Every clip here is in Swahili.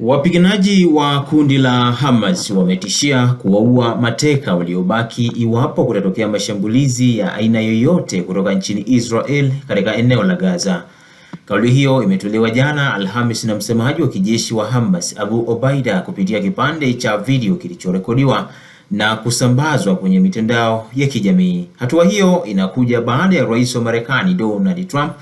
Wapiganaji wa kundi la Hamas wametishia kuwaua mateka waliobaki iwapo kutatokea mashambulizi ya aina yoyote kutoka nchini Israel katika eneo la Gaza. Kauli hiyo imetolewa jana Alhamis na msemaji wa kijeshi wa Hamas, Abu Obaida, kupitia kipande cha video kilichorekodiwa na kusambazwa kwenye mitandao ya kijamii. Hatua hiyo inakuja baada ya Rais wa Marekani, Donald Trump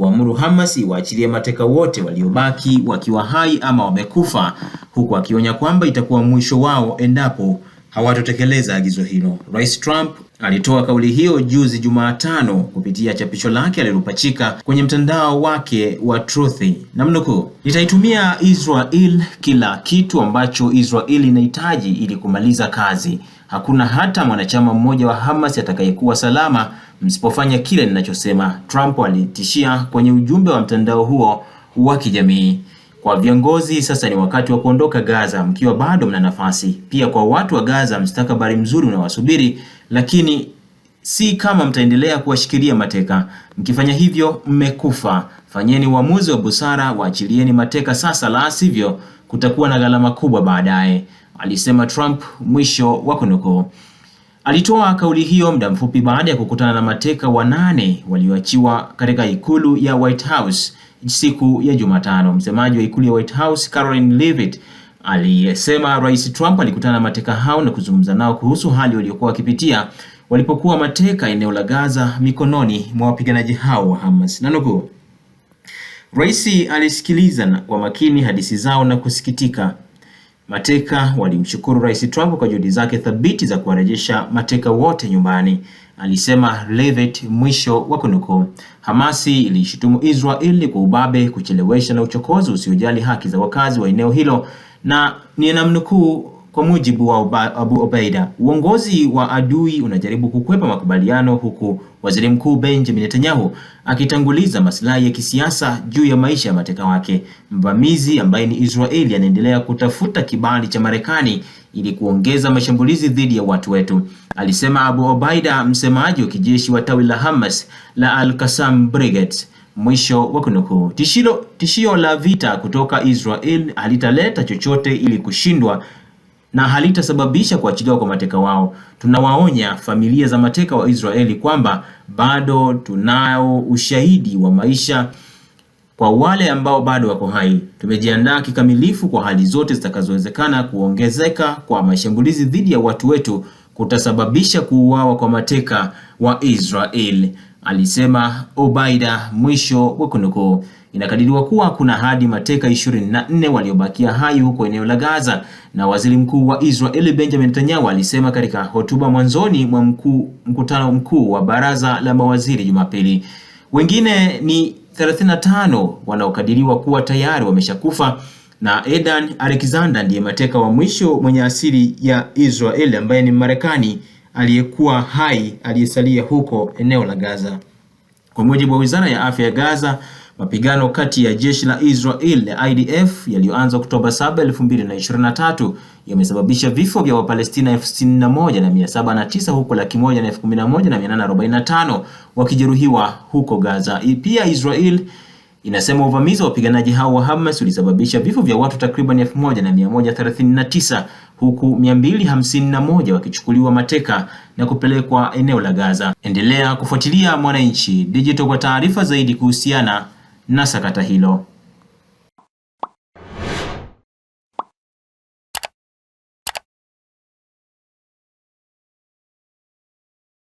kuamuru Hamas iwaachilie mateka wote waliobaki wakiwa hai ama wamekufa, huku akionya kwamba itakuwa mwisho wao endapo hawatotekeleza agizo hilo. Rais Trump alitoa kauli hiyo juzi Jumatano kupitia chapisho lake alilopachika kwenye mtandao wake wa Truth, namnukuu, nitaitumia Israel kila kitu ambacho Israel inahitaji ili kumaliza kazi. Hakuna hata mwanachama mmoja wa Hamas atakayekuwa salama msipofanya kile ninachosema, Trump alitishia kwenye ujumbe wa mtandao huo wa kijamii. Kwa viongozi sasa ni wakati wa kuondoka Gaza mkiwa bado mna nafasi. Pia kwa watu wa Gaza, mstakabali mzuri unawasubiri, lakini si kama mtaendelea kuwashikilia mateka. Mkifanya hivyo, mmekufa. Fanyeni uamuzi wa busara, waachilieni mateka sasa, la sivyo kutakuwa na gharama kubwa baadaye, alisema Trump. Mwisho wa kunukuu. Alitoa kauli hiyo muda mfupi baada ya kukutana na mateka wanane walioachiwa katika ikulu ya White House siku ya Jumatano. Msemaji wa ikulu ya White House, Caroline Leavitt, aliyesema Rais Trump alikutana na mateka hao na kuzungumza nao kuhusu hali waliokuwa wakipitia walipokuwa mateka eneo la Gaza mikononi mwa wapiganaji hao wa Hamas. Nanuku, Rais alisikiliza kwa makini hadithi zao na kusikitika Mateka walimshukuru Rais Trump kwa juhudi zake thabiti za kuwarejesha mateka wote nyumbani, alisema Leavitt, mwisho wa kunukuu. Hamasi iliishutumu Israeli kwa ubabe, kuchelewesha na uchokozi usiojali haki za wakazi wa eneo hilo, na ni namnukuu kwa mujibu wa Abu Obeida, uongozi wa adui unajaribu kukwepa makubaliano huku Waziri Mkuu Benjamin Netanyahu akitanguliza masilahi ya kisiasa juu ya maisha ya mateka wake. Mvamizi ambaye ni Israeli anaendelea kutafuta kibali cha Marekani ili kuongeza mashambulizi dhidi ya watu wetu, alisema Abu Obaida, msemaji wa kijeshi wa tawi la Hamas la Al-Qassam Brigade. Mwisho wa kunukuu. Tishio la vita kutoka Israel halitaleta chochote ili kushindwa na halitasababisha kuachiliwa kwa mateka wao. Tunawaonya familia za mateka wa Israeli kwamba bado tunao ushahidi wa maisha kwa wale ambao bado wako hai. Tumejiandaa kikamilifu kwa hali zote zitakazowezekana. Kuongezeka kwa mashambulizi dhidi ya watu wetu kutasababisha kuuawa kwa mateka wa Israeli alisema Obaida, mwisho wa kunukuu. Inakadiriwa kuwa kuna hadi mateka 24 waliobakia hai huko eneo la Gaza, na waziri mkuu wa Israeli Benjamin Netanyahu alisema katika hotuba mwanzoni mwa mkuu, mkutano mkuu wa baraza la mawaziri Jumapili. Wengine ni 35 wanaokadiriwa kuwa tayari wameshakufa na Edan Alexander ndiye mateka wa mwisho mwenye asili ya Israeli ambaye ni Marekani aliyekuwa hai aliyesalia huko eneo la Gaza. Kwa mujibu wa wizara ya afya ya Gaza, mapigano kati ya jeshi la Israel na IDF yaliyoanza Oktoba 7, 2023 yamesababisha vifo vya Wapalestina 61,709 huko laki moja na elfu wakijeruhiwa huko Gaza. Pia Israel inasema uvamizi wa wapiganaji hao wa Hamas ulisababisha vifo vya watu takriban 1139 huku 251 wakichukuliwa mateka na kupelekwa eneo la Gaza. Endelea kufuatilia Mwananchi Digital kwa taarifa zaidi kuhusiana na sakata hilo.